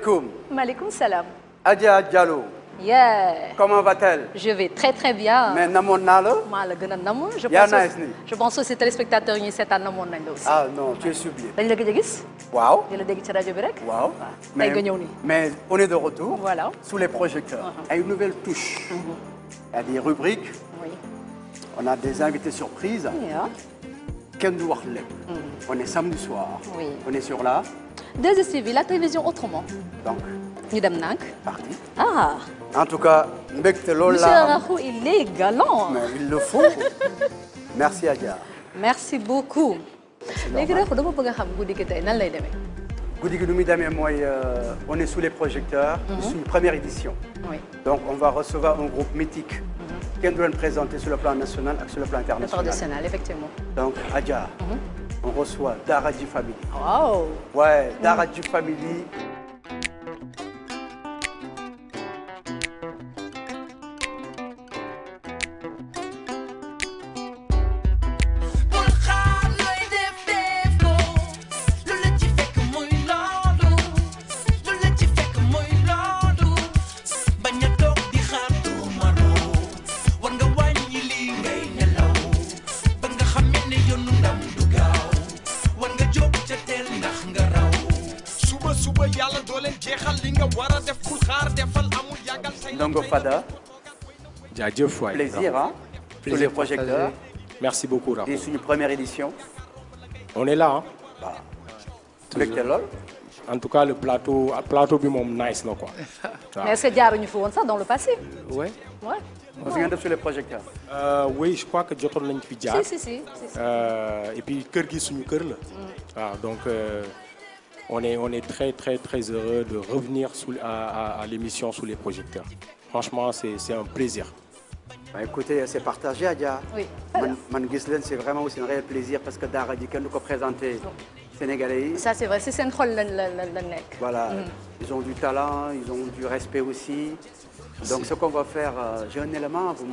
alaikum. Maaleykum salaam. Adja Diallo. yeah. comment va-t-elle. je vais très très bien. mais namoon naa la. maa la gën a namoon. je pense aussi je pense aussi téléspectateurs yi nañ la aussi. ah dañ la gëj a gis. waaw di ci rajo bi rek. waaw ah, mais nga ñëw nii. mais on est de retour. voilà ay uh -huh. a a kenn du wax lépp. Mm. on est samedi soir. oui on est sur la. 2STV la télévision autrement. donc ñu dem nànk. parti ah. en tout cas mbégte loolu la monsieur Rakhou il est le faut. merci Adja. merci beaucoup. léegi Rakhou dama bëgg a xam guddi gi tey nan lay demee. guddi gi nu muy demee mooy euh, on est sous les projecteurs. Mm-hmm. suñu première édition. oui donc on va groupe mythique. Mm-hmm. kenn du leen présenter sur le plan national ak sur le plan international. international effectivement. donc Adja. Mm -hmm. on reçoit Daara J Family. waaw. waaye Daara J Family. nga war a def bul xaar defal amul yàggal say donc Fada. jaajëf waay plaisir ah. tous les projecteurs. merci beaucoup Rafa. di suñu première édition. on est là ah. waaw. toujours lool. en tout cas le plateau plateau bi moom nice la quoi. mais est-ce que jaaruñu fi woon sax dans le passé. oui oui. parce que ngeen def sur les projecteurs. Euh, oui je crois que jotoon nañu fi jaar. si si si. Euh, et puis kër gi suñu kër la. waaw mm. ah, donc. Euh, on est, on est très, très, très heureux de revenir sous, à, l'émission sous les projecteurs. Franchement, c'est un plaisir. Bah c'est partagé, Adia. Oui. c'est vraiment aussi un réel plaisir parce que Dara dit qu'elle nous présenter Sénégalais. Ça, c'est vrai, c'est Central le nec. Voilà, mm. ils ont du talent, ils ont du respect aussi. Donc, ce qu'on va faire, euh, j'ai un élément à vous